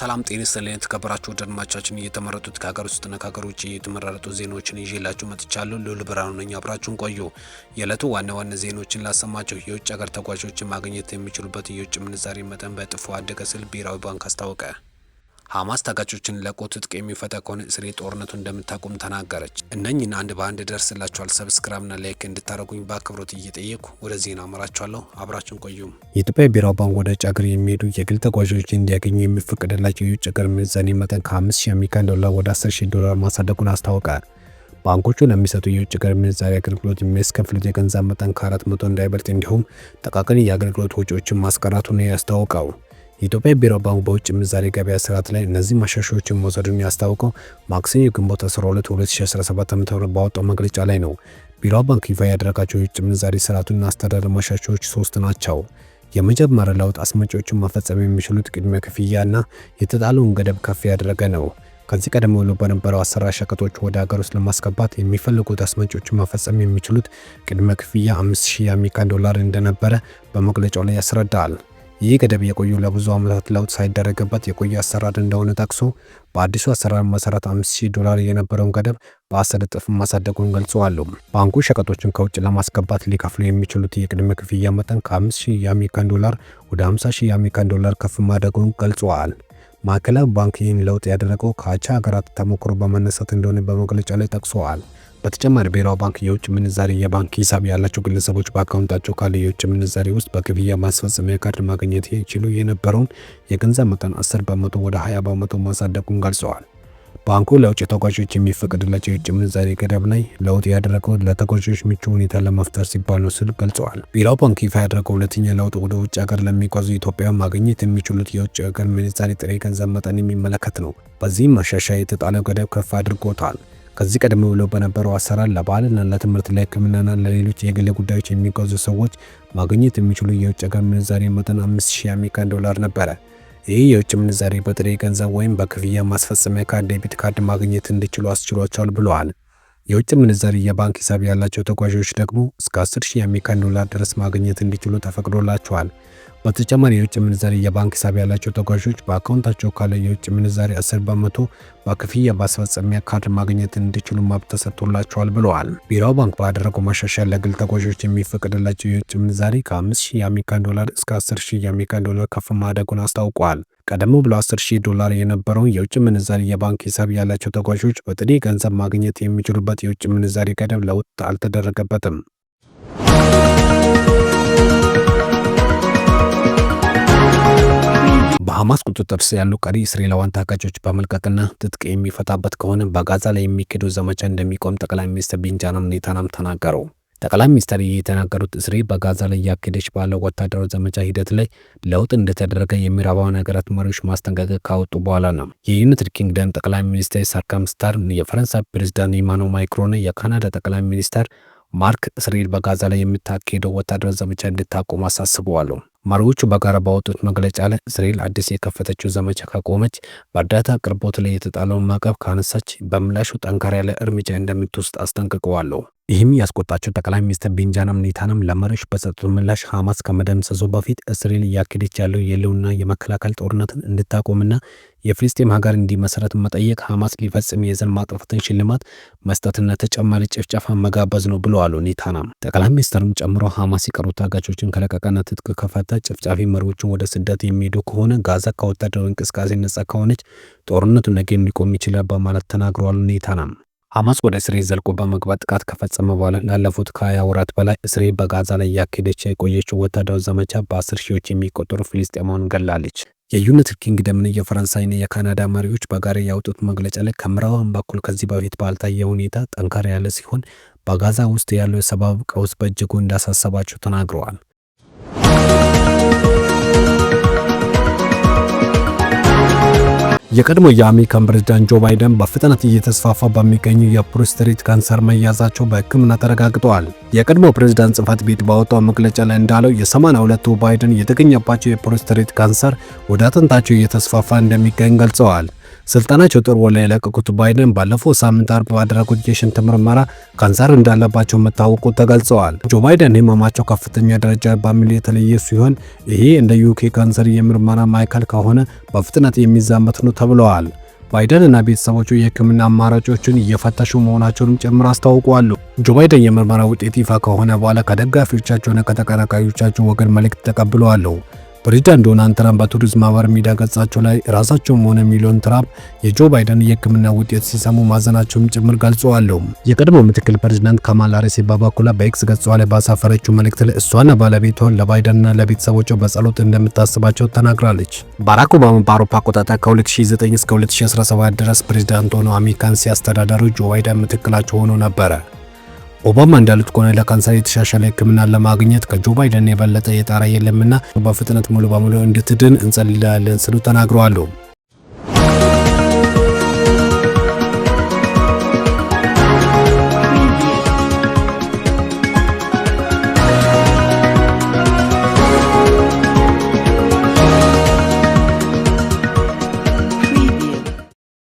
ሰላም ጤና ይስጥልኝ የተከበራችሁ አድማጮቻችን፣ እየተመረጡት ከሀገር ውስጥና ከሀገር ውጭ የተመረጡ ዜናዎችን ይዤላችሁ መጥቻለሁ። ልዑል ብርሃኑ ነኝ። አብራችሁን ቆዩ። የዕለቱ ዋና ዋና ዜናዎችን ላሰማችሁ። የውጭ ሀገር ተጓዦችን ማግኘት የሚችሉበት የውጭ ምንዛሬ መጠን በእጥፍ አደገ ሲል ብሔራዊ ባንክ አስታወቀ። ሐማስ ታጋቾችን ለቆ ትጥቅ የሚፈታ ከሆነ እስራኤል ጦርነቱ እንደምታቆም ተናገረች። እነኝን አንድ በአንድ ደርስላችኋል። ሰብስክራይብና ላይክ እንድታደረጉኝ በአክብሮት እየጠየቁ ወደ ዜና አመራችኋለሁ። አብራችን ቆዩም የኢትዮጵያ ብሔራዊ ባንክ ወደ ውጭ ሀገር የሚሄዱ የግል ተጓዦች እንዲያገኙ የሚፈቅድላቸው የውጭ ሀገር ምንዛሬ መጠን ከ5 ሺህ አሜሪካን ዶላር ወደ 10 ሺህ ዶላር ማሳደጉን አስታወቀ። ባንኮቹ ለሚሰጡ የውጭ ሀገር ምንዛሪ አገልግሎት የሚያስከፍሉት የገንዘብ መጠን ከአራት መቶ እንዳይበልጥ እንዲሁም ጥቃቅን የአገልግሎት ወጪዎችን ማስቀራቱን ያስታወቀው የኢትዮጵያ ብሔራዊ ባንክ በውጭ ምንዛሬ ገበያ ስርዓት ላይ እነዚህ ማሻሻዎችን መውሰዱን ያስታወቀው ማክሰኞ ግንቦት 12 2017 ዓ.ም ባወጣው መግለጫ ላይ ነው። ብሔራዊ ባንክ ይፋ ያደረጋቸው የውጭ ምንዛሬ ስርዓቱን አስተዳደር ማሻሻዎች ሶስት ናቸው። የመጀመሪያ ለውጥ አስመጪዎቹን መፈጸም የሚችሉት ቅድመ ክፍያና የተጣለውን ገደብ ከፍ ያደረገ ነው። ከዚህ ቀደም ብሎ በነበረው አሰራር ሸቀጦች ወደ ሀገር ውስጥ ለማስገባት የሚፈልጉት አስመጪዎችን መፈጸም የሚችሉት ቅድመ ክፍያ 5000 የአሜሪካን ዶላር እንደነበረ በመግለጫው ላይ ያስረዳል። ይህ ገደብ የቆዩ ለብዙ ዓመታት ለውጥ ሳይደረግበት የቆየ አሰራር እንደሆነ ጠቅሶ በአዲሱ አሰራር መሰረት 5000 ዶላር የነበረውን ገደብ በአስር እጥፍ ማሳደጉን ገልጸዋል። ባንኩ ሸቀጦችን ከውጭ ለማስገባት ሊከፍሉ የሚችሉት የቅድመ ክፍያ መጠን ከ5000 የአሜሪካን ዶላር ወደ 50000 የአሜሪካን ዶላር ከፍ ማድረጉን ገልጸዋል። ማዕከላዊ ባንክ ይህን ለውጥ ያደረገው ከአቻ ሀገራት ተሞክሮ በመነሳት እንደሆነ በመግለጫ ላይ ጠቅሰዋል። በተጨማሪ ብሔራዊ ባንክ የውጭ ምንዛሬ የባንክ ሂሳብ ያላቸው ግለሰቦች በአካውንታቸው ካለ የውጭ ምንዛሬ ውስጥ በክፍያ ማስፈጸሚያ ካርድ ማግኘት ይችሉ የነበረውን የገንዘብ መጠን 10 በመቶ ወደ 20 በመቶ ማሳደጉን ገልጸዋል። ባንኩ ለውጭ ተጓዦች የሚፈቅድላቸው የውጭ ምንዛሬ ገደብ ላይ ለውጥ ያደረገው ለተጓዦች ምቹ ሁኔታ ለመፍጠር ሲባል ነው ሲል ገልጸዋል። ብሔራዊ ባንክ ይፋ ያደረገው ሁለተኛ ለውጥ ወደ ውጭ ሀገር ለሚጓዙ ኢትዮጵያ ማግኘት የሚችሉት የውጭ ሀገር ምንዛሬ ጥሬ ገንዘብ መጠን የሚመለከት ነው። በዚህም ማሻሻያ የተጣለው ገደብ ከፍ አድርጎታል። ከዚህ ቀደም ብሎ በነበረው አሰራር ለባህልና ለትምህርት፣ ለሕክምናና ለሌሎች የግል ጉዳዮች የሚጓዙ ሰዎች ማግኘት የሚችሉ የውጭ ሀገር ምንዛሬ መጠን 5000 አሜሪካን ዶላር ነበረ። ይህ የውጭ ምንዛሬ በጥሬ ገንዘብ ወይም በክፍያ ማስፈጸሚያ ካርድ ዴቢት ካርድ ማግኘት እንዲችሉ አስችሏቸዋል ብለዋል። የውጭ ምንዛሪ የባንክ ሂሳብ ያላቸው ተጓዦች ደግሞ እስከ 10000 አሜሪካን ዶላር ድረስ ማግኘት እንዲችሉ ተፈቅዶላቸዋል። በተጨማሪ የውጭ ምንዛሪ የባንክ ሂሳብ ያላቸው ተጓዦች በአካውንታቸው ካለ የውጭ ምንዛሪ 10 በመቶ በክፍያ ማስፈጸሚያ ካርድ ማግኘት እንዲችሉ መብት ተሰጥቶላቸዋል ብለዋል። ብሔራዊ ባንክ ባደረገው ማሻሻያ ለግል ተጓዦች የሚፈቅድላቸው የውጭ ምንዛሪ ከ5 የአሜሪካን ዶላር እስከ 10 የአሜሪካን ዶላር ከፍ ማደጉን አስታውቋል። ቀደም ብሎ 10 ሺህ ዶላር የነበረውን የውጭ ምንዛሪ የባንክ ሂሳብ ያላቸው ተጓዦች በጥሬ ገንዘብ ማግኘት የሚችሉበት የውጭ ምንዛሪ ገደብ ለውጥ አልተደረገበትም። በሐማስ ቁጥጥር ስር ያሉ ቀሪ እስራኤላውያን ታጋቾች በመልቀቅና ትጥቅ የሚፈታበት ከሆነ በጋዛ ላይ የሚካሄደው ዘመቻ እንደሚቆም ጠቅላይ ሚኒስትር ቤንጃሚን ኔታንያሁ ተናገሩ። ጠቅላይ ሚኒስትር የተናገሩት እስራኤል በጋዛ ላይ እያካሄደች ባለው ወታደራዊ ዘመቻ ሂደት ላይ ለውጥ እንደተደረገ የምዕራባውያን ሀገራት መሪዎች ማስጠንቀቂያ ካወጡ በኋላ ነው። የዩናይትድ ኪንግደም ጠቅላይ ሚኒስትር ሳርካም ስታር፣ የፈረንሳይ ፕሬዚዳንት ኢማኑኤል ማይክሮን፣ የካናዳ ጠቅላይ ሚኒስትር ማርክ እስራኤል በጋዛ ላይ የምታካሄደው ወታደራዊ ዘመቻ እንድታቆም አሳስበዋል። መሪዎቹ በጋራ ባወጡት መግለጫ ላይ እስራኤል አዲስ የከፈተችው ዘመቻ ካቆመች፣ በእርዳታ አቅርቦት ላይ የተጣለውን ማዕቀብ ካነሳች በምላሹ ጠንካራ ያለ እርምጃ እንደምትወስድ አስጠንቅቀዋለሁ። ይህም ያስቆጣቸው ጠቅላይ ሚኒስትር ቤንጃሚን ኔታንም ለመሪዎች በሰጡት ምላሽ ሐማስ ከመደምሰሱ በፊት እስራኤል እያካሄደች ያለው የሕልውና የመከላከል ጦርነትን እንድታቆምና የፍልስጤም ሀገር እንዲመሰረት መጠየቅ ሐማስ ሊፈጽም የዘር ማጥፋትን ሽልማት መስጠትና ተጨማሪ ጭፍጨፋ መጋበዝ ነው ብለዋል ኔታናም። ጠቅላይ ሚኒስትሩም ጨምሮ ሐማስ የቀሩት ታጋቾችን ከለቀቀና ትጥቅ ከፈተ ጭፍጫፊ መሪዎችን ወደ ስደት የሚሄዱ ከሆነ ጋዛ ከወታደራዊ እንቅስቃሴ ነጻ ከሆነች ጦርነቱ ነገ ሊቆም ይችላል በማለት ተናግረዋል ኔታናም። ሐማስ ወደ እስራኤል ዘልቆ በመግባት ጥቃት ከፈጸመ በኋላ ላለፉት ከ ወራት በላይ እስራኤል በጋዛ ላይ እያካሄደች የቆየችው ወታደራዊ ዘመቻ በአስር ሺዎች የሚቆጠሩ ፊልስጤማውን ገላለች። የዩናይትድ ኪንግደምን የፈረንሳይና የካናዳ መሪዎች በጋራ ያወጡት መግለጫ ላይ ከምዕራባውያን በኩል ከዚህ በፊት ባልታየ ሁኔታ ጠንካር ያለ ሲሆን በጋዛ ውስጥ ያለው የሰብአዊ ቀውስ በእጅጉ እንዳሳሰባቸው ተናግረዋል። የቀድሞ የአሜሪካን ፕሬዝዳንት ጆ ባይደን በፍጥነት እየተስፋፋ በሚገኙ የፕሮስትሬት ካንሰር መያዛቸው በሕክምና ተረጋግጠዋል። የቀድሞ ፕሬዝዳንት ጽህፈት ቤት ባወጣው መግለጫ ላይ እንዳለው የ 82 ባይደን የተገኘባቸው የፕሮስትሬት ካንሰር ወደ አጥንታቸው እየተስፋፋ እንደሚገኝ ገልጸዋል። ስልጣናቸው ጥር ወር ላይ የለቀቁት ባይደን ባለፈው ሳምንት አርብ ባደረጉት የሽንት ምርመራ ካንሰር እንዳለባቸው መታወቁ ተገልጸዋል። ጆ ባይደን ህመማቸው ከፍተኛ ደረጃ በሚል የተለየ ሲሆን ይሄ እንደ ዩኬ ካንሰር የምርመራ ማዕከል ከሆነ በፍጥነት የሚዛመት ነው ተብለዋል። ባይደን እና ቤተሰቦቹ የህክምና አማራጮችን እየፈተሹ መሆናቸውንም ጭምር አስታውቋሉ። ጆ ባይደን የምርመራ ውጤት ይፋ ከሆነ በኋላ ከደጋፊዎቻቸውና ከተቀናቃዮቻቸው ወገን መልእክት ተቀብለዋል። ፕሬዚዳንት ዶናልድ ትራምፕ በቱሪዝም ማህበር ሚዲያ ገጻቸው ላይ ራሳቸውም ሆነ ሚሊዮን ትራምፕ የጆ ባይደን የሕክምና ውጤት ሲሰሙ ማዘናቸውም ጭምር ገልጸዋል። የቀድሞው ምክትል ፕሬዚዳንት ካማላ ሃሪስ በበኩሏ በኤክስ ገጿ ላይ ባሳፈረችው መልእክት ላይ እሷና ባለቤቷ ለባይደንና ለቤተሰቦቿ በጸሎት እንደምታስባቸው ተናግራለች። ባራክ ኦባማ በአውሮፓ አቆጣጠር ከ2009 እስከ 2017 ድረስ ፕሬዚዳንት ሆነው አሜሪካን ሲያስተዳደሩ ጆ ባይደን ምክትላቸው ሆኖ ነበረ። ኦባማ እንዳሉት ከሆነ ለካንሰር የተሻሻለ ሕክምና ለማግኘት ከጆ ባይደን የበለጠ የጣራ የለምና በፍጥነት ሙሉ በሙሉ እንድትድን እንጸልላለን ስሉ ተናግረዋል።